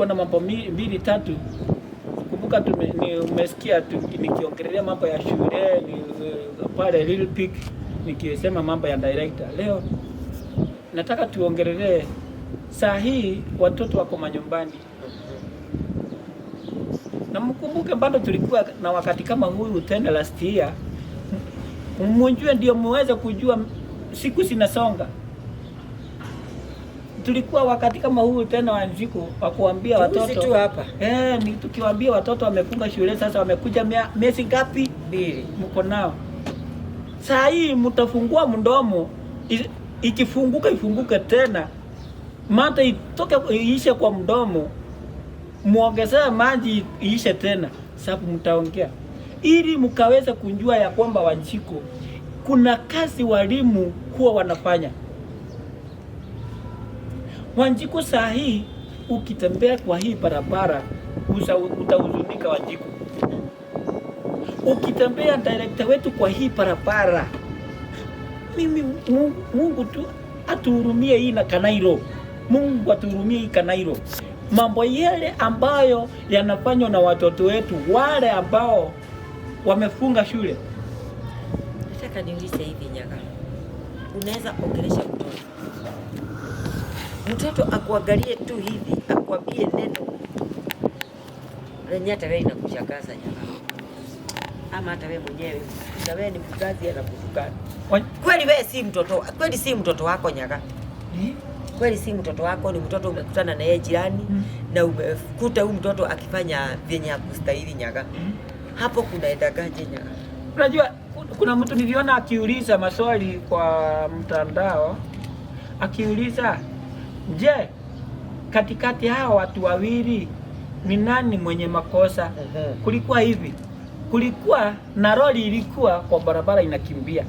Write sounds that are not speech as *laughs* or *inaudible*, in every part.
niko na mambo mbili tatu. Kumbuka umesikia nikiongelea mambo ya shule ni, uh, pale Little pick nikisema mambo ya director. Leo nataka tuongelee saa hii watoto wako manyumbani na mkumbuke bado tulikuwa na wakati kama huyu tena last year, mjue ndio muweze kujua siku zinasonga tulikuwa wakati kama huu tena wanziko wa kuambia watoto tu hapa eh, ni tukiwaambia watoto wamefunga shule sasa, wamekuja miezi ngapi? Mbili mko nao saa hii, mtafungua mdomo, ikifunguka ifunguke tena, mata itoke iishe kwa mdomo, muongezea maji iishe tena, sababu mtaongea ili mkaweza kujua ya kwamba wanjiko kuna kazi walimu kuwa wanafanya. Wanjiku saa hii ukitembea kwa hii barabara utahuzunika Wanjiku. Ukitembea director wetu kwa hii barabara, mimi Mungu tu atuhurumie hii na Kanairo. Mungu atuhurumie hii Kanairo. Mambo yale ambayo yanafanywa na watoto wetu wale ambao wamefunga shule. Nataka niulize hivi Nyaga, unaweza ongelesha mtoto mtoto akuangalie tu hivi, akuambie neno lenye hata wewe inakushangaza nyama, ama hata wewe mwenyewe na wewe ni mzazi anakutukana kweli. Wewe si mtoto kweli, si mtoto wako nyaga kweli si mtoto wako, ni mtoto umekutana na yeye jirani hmm. na umekuta huyu mtoto akifanya vyenye akustahili nyaga mm. hapo edagaje nyaka? Unajua kuna mtu niliona akiuliza maswali kwa mtandao akiuliza Je, katikati hawa watu wawili ni nani mwenye makosa? Kulikuwa hivi, kulikuwa na roli ilikuwa kwa barabara inakimbia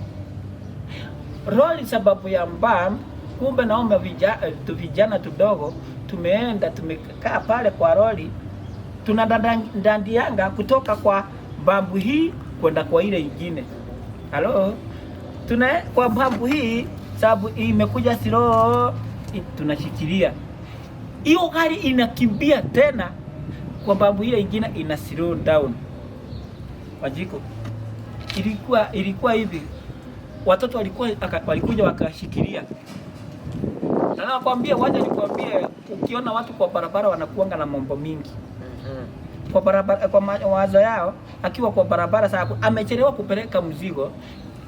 roli sababu ya mbam. Kumbe naomba eh, vijana tudogo tumeenda tumekaa pale kwa lori, tunadandandianga kutoka kwa bambu hii kwenda kwa ile ingine. Halo, tuna kwa bambu hii sababu imekuja silo tunashikilia hiyo gari inakimbia tena, kwa sababu ile ingine ina slow down. Wajiko ilikuwa ilikuwa hivi, watoto walikuwa walikuja wakashikilia. Na nakwambia waje nikwambie, ukiona watu kwa barabara wanakuanga na mambo mingi mhm. kwa barabara, kwa mawazo yao. Akiwa kwa barabara, sababu amechelewa kupeleka mzigo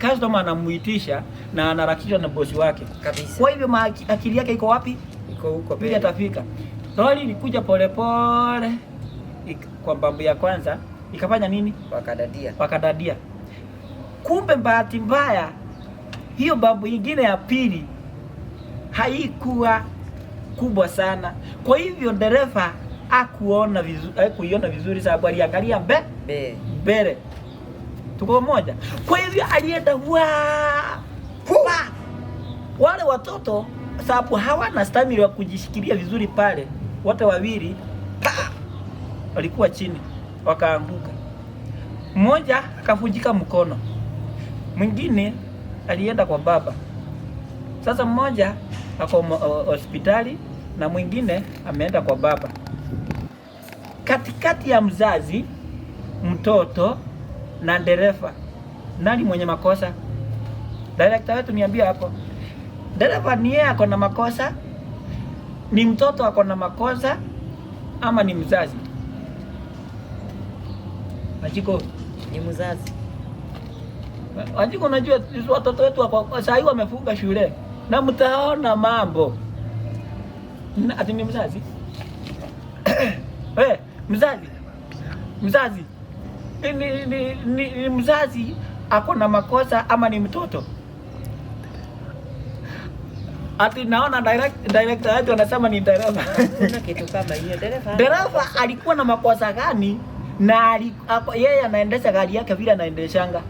customer anamuitisha na anarakishwa na bosi wake kabisa. Kwa hivyo akili yake iko wapi? Iko huko pia atafika. Lori ilikuja polepole kwa mbambu ya kwanza ikafanya nini? Wakadadia, wakadadia. Kumbe bahati mbaya hiyo babu nyingine ya pili haikuwa kubwa sana, kwa hivyo dereva akuona vizuri, hakuiona vizuri sababu aliangalia mbe mbele tuko pamoja. Kwa hivyo alienda wa wale watoto sababu hawana stamina ya kujishikilia vizuri pale, wote wawili walikuwa chini, wakaanguka. Mmoja akavunjika mkono, mwingine alienda kwa baba. Sasa mmoja ako hospitali na mwingine ameenda kwa baba, katikati ya mzazi mtoto na dereva. Nani mwenye makosa? Director wetu niambia hapo. Dereva ni yeye ako na makosa? Ni mtoto ako na makosa ama ni mzazi? Wajiko ni mzazi. Wajiko, unajua watoto wetu saa hii wamefunga shule na mtaona mambo ati ni mzazi. Hey, *clears throat* eh, mzazi mzazi Eh, ni, ni, ni, ni mzazi ako na makosa ama ni mtoto? Ati naona director wetu anasema ni dereva. *laughs* Dereva alikuwa na makosa gani? na yeye anaendesha gari yake vile anaendeshanga,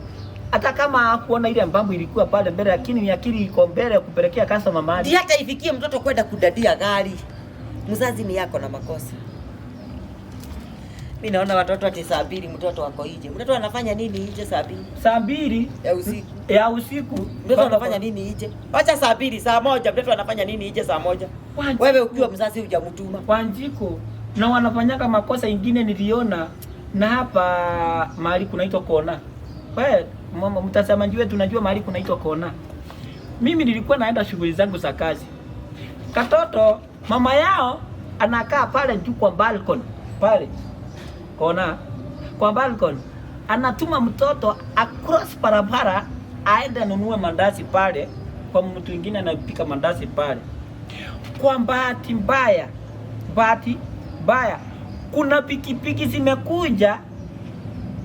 hata kama hakuona ile mbambo ilikuwa pale mbele, lakini ni akili iko mbele kupelekea kasa mamadi, hata ifikie mtoto kwenda kudadia gari. Mzazi ni yako na makosa. Mimi naona watoto ati saa mbili mtoto wako nje. Mtoto anafanya nini nje saa mbili? Saa mbili ya usiku. Ya usiku. Mtoto anafanya nini nje? Acha saa mbili, saa moja mtoto anafanya nini nje saa moja? Wanjiku. Wewe ukiwa mzazi hujamtuma. Wanjiku. Na wanafanyaka makosa ingine niliona na hapa mahali kunaitwa Kona. Wewe mama mtazamaji wetu unajua mahali kunaitwa Kona. Mimi nilikuwa naenda shughuli zangu za kazi. Katoto mama yao anakaa pale juu kwa balcony pale Ona kwa balcony, anatuma mtoto across barabara aende anunue mandazi pale kwa mtu mwingine anapika mandazi pale. Kwa bahati mbaya, bahati mbaya, kuna pikipiki zimekuja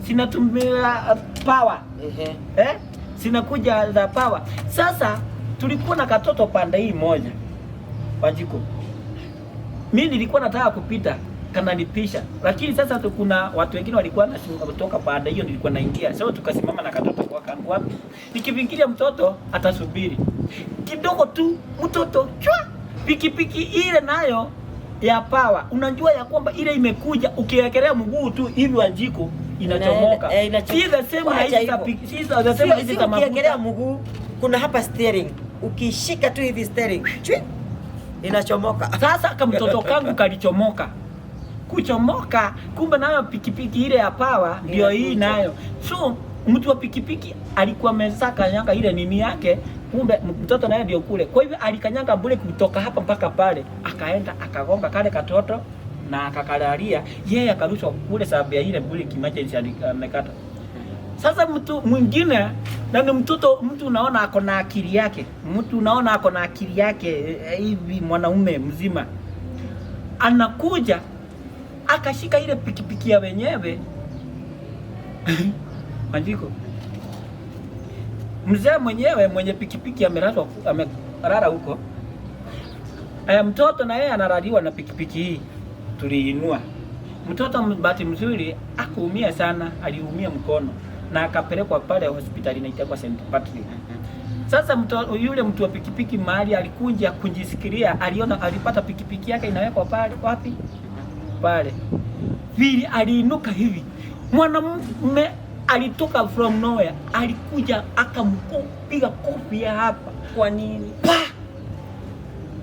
zinatumia power eh, eh, zinakuja za power. Sasa tulikuwa na katoto pande hii moja wajiko, mimi nilikuwa nataka kupita kananitisha. Lakini sasa tu kuna watu wengine walikuwa na shida kutoka baada hiyo nilikuwa naingia. Sasa tukasimama na katoto kwa kangu wapi? Nikivingilia mtoto atasubiri. Kidogo tu mtoto chwa pikipiki ile nayo ya pawa. Unajua ya kwamba ile imekuja ukiwekelea mguu tu hivi wa jiko inachomoka. Eh, si the same na hizi pikipiki. Si the same hizi mafuta. ukiwekelea mguu kuna hapa steering. Ukishika tu hivi steering. Chwi inachomoka. Sasa kama mtoto kangu kalichomoka kuchomoka, kumbe nayo pikipiki ile ya power ndio hii nayo. So mtu wa pikipiki alikuwa amesaka kanyanga ile nini yake, kumbe mtoto naye ndio kule. Kwa hivyo alikanyanga bure kutoka hapa mpaka pale, akaenda akagonga kale katoto na akakalalia yeye, akarushwa kule sababu ya ile bure kimaje amekata. Sasa mtu mwingine na ni mtoto, mtu unaona ako na akili yake, mtu unaona ako na akili yake eh, hivi, mwanaume mzima anakuja akashika ile pikipiki ya wenyewe *laughs* Majiko, mzee mwenyewe mwenye pikipiki amelala amelala huko, aya, eh, mtoto na yeye analaliwa na pikipiki hii. Tuliinua mtoto, bahati mzuri akuumia sana, aliumia mkono na akapelekwa pale hospitali itakuwa St Patrick. Sasa mtu yule mtu wa pikipiki mahali alikunja kunjisikiria, aliona alipata pikipiki yake inawekwa pale wapi? pale. Vili aliinuka hivi, mwanamume alitoka from nowhere, alikuja akampiga kofi ya hapa. Kwa nini?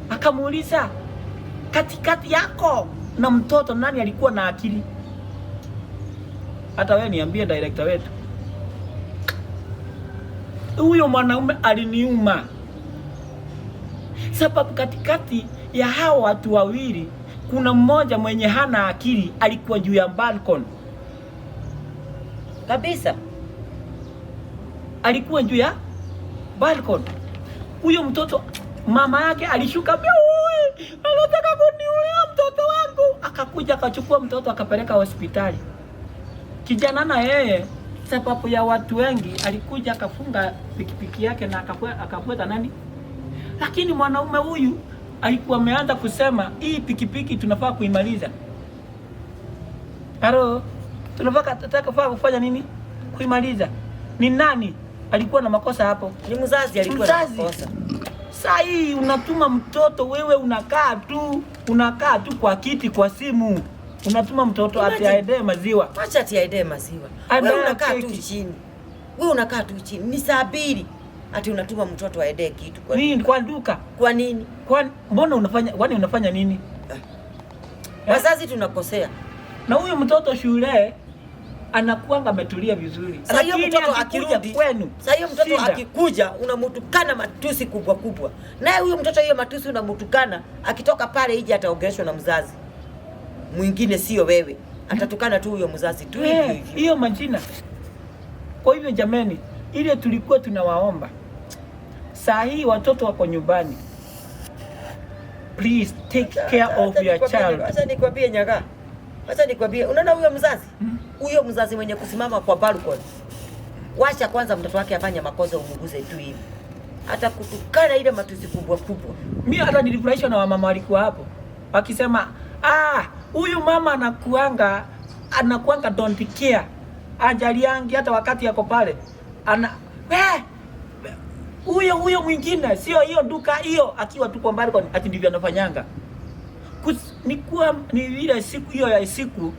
Akamuuliza, katikati yako na mtoto nani alikuwa na akili? Hata wewe niambie, director wetu huyo mwanaume aliniuma, sababu katikati ya hao watu wawili kuna mmoja mwenye hana akili alikuwa juu ya balcony kabisa, alikuwa juu ya balcony. Huyo mtoto mama yake alishuka, anataka kuniulia mtoto wangu, akakuja akachukua mtoto akapeleka hospitali. Kijana na yeye sababu ya watu wengi alikuja akafunga pikipiki yake na akapweta nani, lakini mwanaume huyu alikuwa ameanza kusema hii pikipiki tunafaa kuimaliza. Halo, tunafaa tunafaa kufanya nini? Kuimaliza. Ni nani alikuwa na makosa hapo? Ni mzazi alikuwa na makosa. Saa hii unatuma mtoto wewe, unakaa tu unakaa tu kwa kiti kwa simu, unatuma mtoto ati aende maziwa. Acha ati aende maziwa. Wewe unakaa tu chini, wewe unakaa tu chini, ni saa mbili Ati unatuma mtoto aendee kitu kwa nini? Kwa duka? Kwa nini? Kwa mbona unafanya kwani unafanya nini? Eh. Wazazi tunakosea. Na huyu mtoto shule anakuanga ametulia vizuri. Sasa hiyo mtoto akirudi kwenu, sasa hiyo mtoto akikuja unamutukana matusi kubwa kubwa, naye huyo mtoto hiyo matusi unamutukana, akitoka pale ije ataongeeshwa na mzazi mwingine, sio wewe, atatukana tu huyo mzazi tu eh, hiyo, majina. Kwa hivyo jameni ile tulikuwa tunawaomba. Saa hii watoto wako nyumbani, please take care of your child. Acha nikwambie nyaga, acha nikwambie, unaona huyo mzazi hmm. huyo mzazi mwenye kusimama kwa balcony, wacha kwanza mtoto wake afanye makosa, umuguze tu hivi hata kutukana ile matusi kubwa kubwa. Mimi hata nilifurahishwa na wamama walikuwa hapo wakisema, ah, huyu mama anakuanga anakuanga don't care, ajaliangi hata wakati yako pale ana eh, huyo huyo mwingine, sio hiyo duka hiyo, akiwa kwa mbali, ati ndivyo anafanyanga. Ni vile siku hiyo ya siku